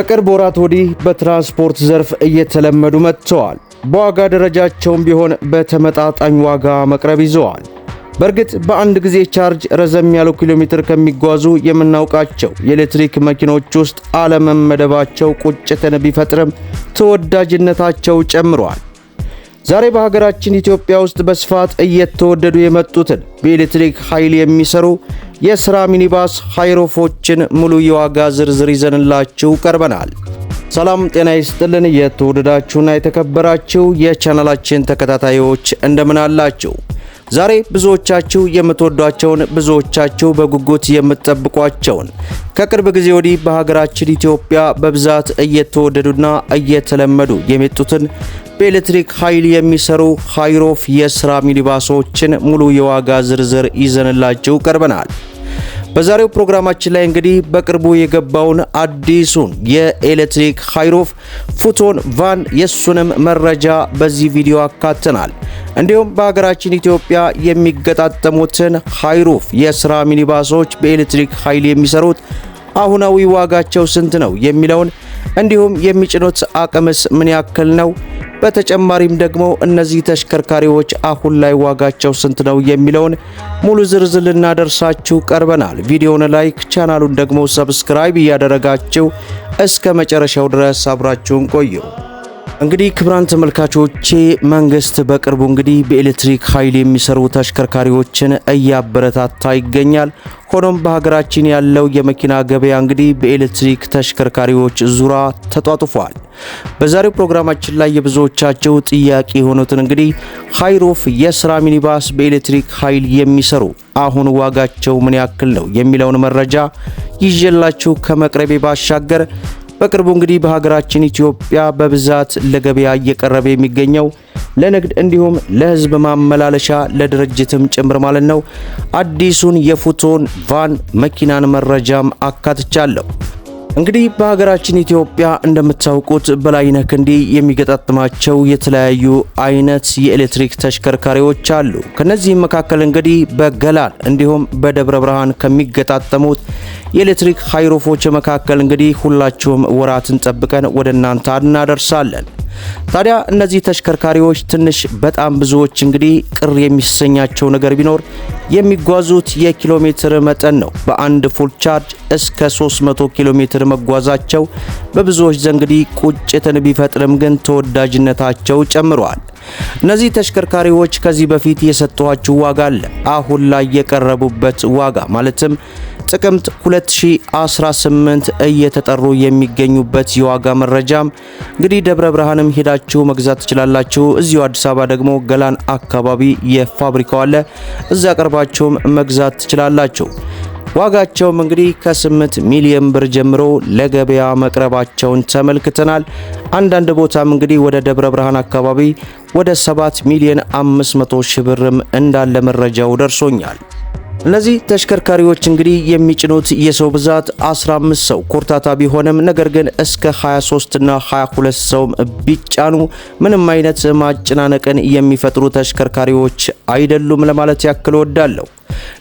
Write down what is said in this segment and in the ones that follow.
ከቅርብ ወራት ወዲህ በትራንስፖርት ዘርፍ እየተለመዱ መጥተዋል። በዋጋ ደረጃቸውም ቢሆን በተመጣጣኝ ዋጋ መቅረብ ይዘዋል። በእርግጥ በአንድ ጊዜ ቻርጅ ረዘም ያሉ ኪሎ ሜትር ከሚጓዙ የምናውቃቸው የኤሌክትሪክ መኪኖች ውስጥ አለመመደባቸው ቁጭትን ቢፈጥርም ተወዳጅነታቸው ጨምሯል። ዛሬ በሀገራችን ኢትዮጵያ ውስጥ በስፋት እየተወደዱ የመጡትን በኤሌክትሪክ ኃይል የሚሰሩ የሥራ ሚኒባስ ሃይሮፎችን ሙሉ የዋጋ ዝርዝር ይዘንላችሁ ቀርበናል። ሰላም ጤና ይስጥልን። የተወደዳችሁና የተከበራችሁ የቻናላችን ተከታታዮች እንደምን አላችሁ? ዛሬ ብዙዎቻችሁ የምትወዷቸውን ብዙዎቻችሁ በጉጉት የምትጠብቋቸውን ከቅርብ ጊዜ ወዲህ በሀገራችን ኢትዮጵያ በብዛት እየተወደዱና እየተለመዱ የመጡትን በኤሌክትሪክ ኃይል የሚሰሩ ሃይሮፍ የስራ ሚኒባሶችን ሙሉ የዋጋ ዝርዝር ይዘንላችሁ ቀርበናል። በዛሬው ፕሮግራማችን ላይ እንግዲህ በቅርቡ የገባውን አዲሱን የኤሌክትሪክ ሃይሮፍ ፉቶን ቫን የሱንም መረጃ በዚህ ቪዲዮ አካተናል። እንዲሁም በሀገራችን ኢትዮጵያ የሚገጣጠሙትን ሃይሩፍ የስራ ሚኒባሶች በኤሌክትሪክ ኃይል የሚሰሩት አሁናዊ ዋጋቸው ስንት ነው የሚለውን እንዲሁም የሚጭኑት አቅምስ ምን ያክል ነው በተጨማሪም ደግሞ እነዚህ ተሽከርካሪዎች አሁን ላይ ዋጋቸው ስንት ነው የሚለውን ሙሉ ዝርዝር ልናደርሳችሁ ቀርበናል። ቪዲዮውን ላይክ፣ ቻናሉን ደግሞ ሰብስክራይብ እያደረጋችሁ እስከ መጨረሻው ድረስ አብራችሁን ቆዩ። እንግዲህ ክብራን ተመልካቾቼ መንግስት በቅርቡ እንግዲህ በኤሌክትሪክ ኃይል የሚሰሩ ተሽከርካሪዎችን እያበረታታ ይገኛል። ሆኖም በሀገራችን ያለው የመኪና ገበያ እንግዲህ በኤሌክትሪክ ተሽከርካሪዎች ዙራ ተጧጡፏል። በዛሬው ፕሮግራማችን ላይ የብዙዎቻቸው ጥያቄ የሆኑትን እንግዲህ ሃይሮፍ የስራ ሚኒባስ በኤሌክትሪክ ኃይል የሚሰሩ አሁን ዋጋቸው ምን ያክል ነው የሚለውን መረጃ ይዤላችሁ ከመቅረቤ ባሻገር በቅርቡ እንግዲህ በሀገራችን ኢትዮጵያ በብዛት ለገበያ እየቀረበ የሚገኘው ለንግድ እንዲሁም ለህዝብ ማመላለሻ ለድርጅትም ጭምር ማለት ነው አዲሱን የፎቶን ቫን መኪናን መረጃም አካትቻለሁ። እንግዲህ በሀገራችን ኢትዮጵያ እንደምታውቁት በላይነህ ክንዴ የሚገጣጥማቸው የተለያዩ አይነት የኤሌክትሪክ ተሽከርካሪዎች አሉ። ከነዚህም መካከል እንግዲህ በገላን እንዲሁም በደብረ ብርሃን ከሚገጣጠሙት የኤሌክትሪክ ሃይሮፎች መካከል እንግዲህ ሁላችሁም ወራትን ጠብቀን ወደ እናንተ እናደርሳለን። ታዲያ እነዚህ ተሽከርካሪዎች ትንሽ በጣም ብዙዎች እንግዲህ ቅር የሚሰኛቸው ነገር ቢኖር የሚጓዙት የኪሎ ሜትር መጠን ነው። በአንድ ፉል ቻርጅ እስከ 300 ኪሎ ሜትር መጓዛቸው በብዙዎች ዘንድ እንግዲህ ቁጭትን ቢፈጥርም ግን ተወዳጅነታቸው ጨምረዋል። እነዚህ ተሽከርካሪዎች ከዚህ በፊት የሰጠኋችሁ ዋጋ አለ። አሁን ላይ የቀረቡበት ዋጋ ማለትም ጥቅምት 2018 እየተጠሩ የሚገኙበት የዋጋ መረጃ እንግዲህ ደብረ ብርሃንም ሄዳችሁ መግዛት ትችላላችሁ። እዚሁ አዲስ አበባ ደግሞ ገላን አካባቢ የፋብሪካው አለ። እዚያ ቀርባችሁም መግዛት ትችላላችሁ። ዋጋቸውም እንግዲህ ከ8 ሚሊዮን ብር ጀምሮ ለገበያ መቅረባቸውን ተመልክተናል። አንዳንድ ቦታም እንግዲህ ወደ ደብረ ብርሃን አካባቢ ወደ 7 ሚሊዮን 500 ሺህ ብርም እንዳለ መረጃው ደርሶኛል። እነዚህ ተሽከርካሪዎች እንግዲህ የሚጭኑት የሰው ብዛት 15 ሰው ኮርታታ ቢሆንም ነገር ግን እስከ 23 እና 22 ሰው ቢጫኑ ምንም አይነት ማጨናነቅን የሚፈጥሩ ተሽከርካሪዎች አይደሉም ለማለት ያክል ወዳለሁ።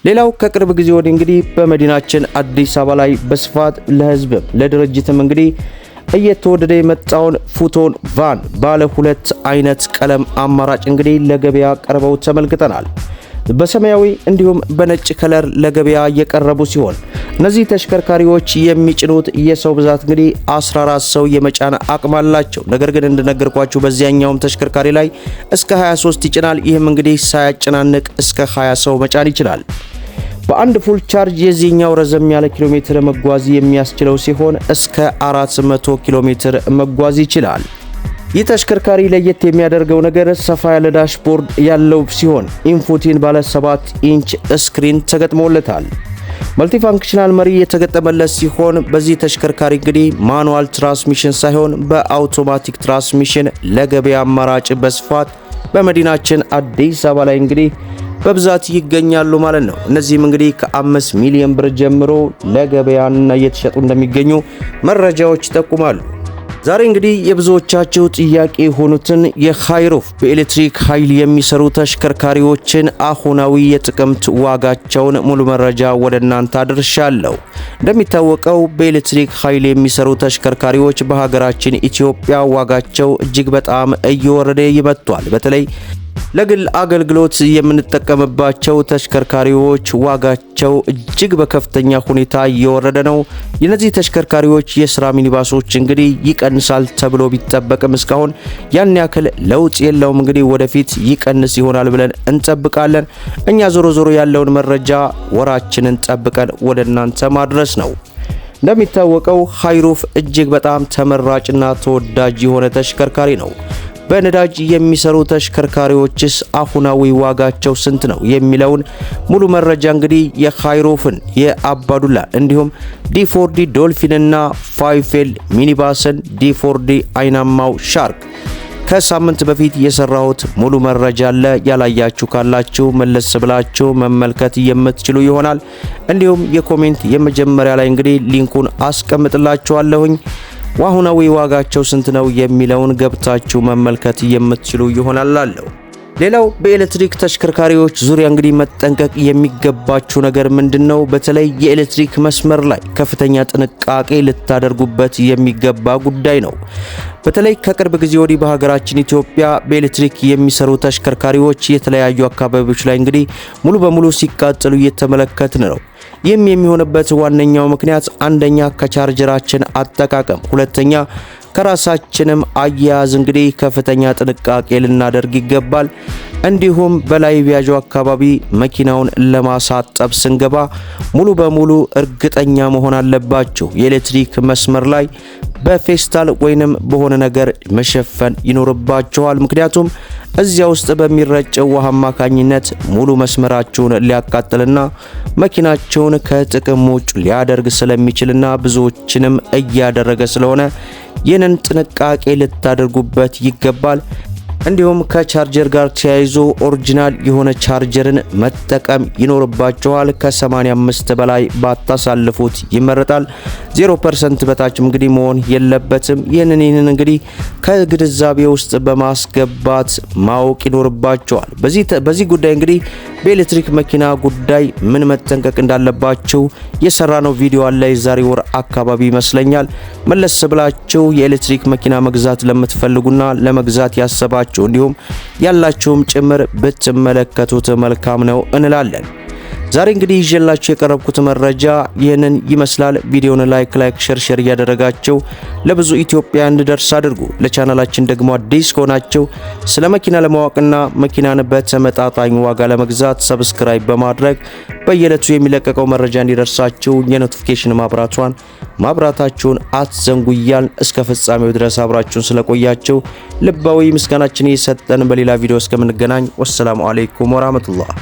ሌላው ከቅርብ ጊዜ ወዲህ እንግዲህ በመዲናችን አዲስ አበባ ላይ በስፋት ለህዝብም ለድርጅትም እንግዲህ እየተወደደ የመጣውን ፉቶን ቫን ባለ ሁለት አይነት ቀለም አማራጭ እንግዲህ ለገበያ ቀርበው ተመልክተናል። በሰማያዊ እንዲሁም በነጭ ከለር ለገበያ እየቀረቡ ሲሆን እነዚህ ተሽከርካሪዎች የሚጭኑት የሰው ብዛት እንግዲህ 14 ሰው የመጫን አቅም አላቸው። ነገር ግን እንደነገርኳችሁ በዚያኛውም ተሽከርካሪ ላይ እስከ 23 ይጭናል። ይህም እንግዲህ ሳያጨናንቅ እስከ 20 ሰው መጫን ይችላል። በአንድ ፉል ቻርጅ የዚህኛው ረዘም ያለ ኪሎ ሜትር መጓዝ የሚያስችለው ሲሆን እስከ 400 ኪሎ ሜትር መጓዝ ይችላል። ይህ ተሽከርካሪ ለየት የሚያደርገው ነገር ሰፋ ያለ ዳሽቦርድ ያለው ሲሆን ኢንፉቲን ባለ 7 ኢንች ስክሪን ተገጥሞለታል። መልቲፋንክሽናል መሪ የተገጠመለት ሲሆን በዚህ ተሽከርካሪ እንግዲህ ማኑዋል ትራንስሚሽን ሳይሆን በአውቶማቲክ ትራንስሚሽን ለገበያ አማራጭ በስፋት በመዲናችን አዲስ አበባ ላይ እንግዲህ በብዛት ይገኛሉ ማለት ነው። እነዚህም እንግዲህ ከአምስት ሚሊዮን ብር ጀምሮ ለገበያና እየተሸጡ እንደሚገኙ መረጃዎች ይጠቁማሉ። ዛሬ እንግዲህ የብዙዎቻችሁ ጥያቄ የሆኑትን የካይሮፍ በኤሌክትሪክ ኃይል የሚሰሩ ተሽከርካሪዎችን አሁናዊ የጥቅምት ዋጋቸውን ሙሉ መረጃ ወደ እናንተ አድርሻለሁ። እንደሚታወቀው በኤሌክትሪክ ኃይል የሚሰሩ ተሽከርካሪዎች በሀገራችን ኢትዮጵያ ዋጋቸው እጅግ በጣም እየወረደ ይመጥቷል። በተለይ ለግል አገልግሎት የምንጠቀምባቸው ተሽከርካሪዎች ዋጋቸው እጅግ በከፍተኛ ሁኔታ እየወረደ ነው። የነዚህ ተሽከርካሪዎች የስራ ሚኒባሶች እንግዲህ ይቀንሳል ተብሎ ቢጠበቅም እስካሁን ያን ያክል ለውጥ የለውም። እንግዲህ ወደፊት ይቀንስ ይሆናል ብለን እንጠብቃለን። እኛ ዞሮ ዞሮ ያለውን መረጃ ወራችንን ጠብቀን ወደ እናንተ ማድረስ ነው። እንደሚታወቀው ሃይሩፍ እጅግ በጣም ተመራጭና ተወዳጅ የሆነ ተሽከርካሪ ነው። በነዳጅ የሚሰሩ ተሽከርካሪዎችስ አሁናዊ ዋጋቸው ስንት ነው የሚለውን ሙሉ መረጃ እንግዲህ የካይሮፍን የአባዱላ እንዲሁም ዲፎርዲ ዶልፊንና ፋይፌል ሚኒባስን ዲፎርዲ አይናማው ሻርክ ከሳምንት በፊት የሰራሁት ሙሉ መረጃ አለ። ያላያችሁ ካላችሁ መለስ ብላችሁ መመልከት የምትችሉ ይሆናል። እንዲሁም የኮሜንት የመጀመሪያ ላይ እንግዲህ ሊንኩን አስቀምጥላችኋለሁኝ። አሁናዊ ዋጋቸው ስንት ነው የሚለውን ገብታችሁ መመልከት የምትችሉ ይሆናል አለው። ሌላው በኤሌክትሪክ ተሽከርካሪዎች ዙሪያ እንግዲህ መጠንቀቅ የሚገባቸው ነገር ምንድን ነው? በተለይ የኤሌክትሪክ መስመር ላይ ከፍተኛ ጥንቃቄ ልታደርጉበት የሚገባ ጉዳይ ነው። በተለይ ከቅርብ ጊዜ ወዲህ በሀገራችን ኢትዮጵያ በኤሌክትሪክ የሚሰሩ ተሽከርካሪዎች የተለያዩ አካባቢዎች ላይ እንግዲህ ሙሉ በሙሉ ሲቃጠሉ እየተመለከትን ነው። ይህም የሚሆንበት ዋነኛው ምክንያት አንደኛ ከቻርጀራችን አጠቃቀም፣ ሁለተኛ ከራሳችንም አያያዝ እንግዲህ ከፍተኛ ጥንቃቄ ልናደርግ ይገባል። እንዲሁም በላይ ቢያጆ አካባቢ መኪናውን ለማሳጠብ ስንገባ ሙሉ በሙሉ እርግጠኛ መሆን አለባችሁ። የኤሌክትሪክ መስመር ላይ በፌስታል ወይንም በሆነ ነገር መሸፈን ይኖርባችኋል። ምክንያቱም እዚያ ውስጥ በሚረጨው ውሃ አማካኝነት ሙሉ መስመራችሁን ሊያቃጥልና መኪናችሁን ከጥቅም ውጭ ሊያደርግ ስለሚችልና ብዙዎችንም እያደረገ ስለሆነ ይህንን ጥንቃቄ ልታደርጉበት ይገባል። እንዲሁም ከቻርጀር ጋር ተያይዞ ኦሪጂናል የሆነ ቻርጀርን መጠቀም ይኖርባቸዋል ከ ከ85 በላይ ባታሳልፉት ይመረጣል። 0% በታችም እንግዲህ መሆን የለበትም። ይህንን ይህንን እንግዲህ ከግንዛቤ ውስጥ በማስገባት ማወቅ ይኖርባቸዋል። በዚህ ጉዳይ እንግዲህ በኤሌክትሪክ መኪና ጉዳይ ምን መጠንቀቅ እንዳለባችሁ የሰራ ነው ቪዲዮ አለ። የዛሬ ወር አካባቢ ይመስለኛል። መለስ ብላችሁ የኤሌክትሪክ መኪና መግዛት ለምትፈልጉና ለመግዛት ያሰባችሁ ያላችሁ እንዲሁም ያላችሁም ጭምር ብትመለከቱት መልካም ነው እንላለን። ዛሬ እንግዲህ ይዤላችሁ የቀረብኩት መረጃ ይህንን ይመስላል። ቪዲዮን ላይክ ላይክ ሼር ሼር እያደረጋቸው ለብዙ ኢትዮጵያ እንድደርስ አድርጉ። ለቻናላችን ደግሞ አዲስ ከሆናቸው ስለ መኪና ለማወቅና መኪናን በተመጣጣኝ ዋጋ ለመግዛት ሰብስክራይብ በማድረግ በየዕለቱ የሚለቀቀው መረጃ እንዲደርሳችሁ የኖቲፊኬሽን ማብራቷን ማብራታችሁን አትዘንጉ እያልን እስከ ፍጻሜው ድረስ አብራችሁን ስለቆያቸው ልባዊ ምስጋናችን እየሰጠን በሌላ ቪዲዮ እስከምንገናኝ ወሰላሙ አሌይኩም ወራህመቱላህ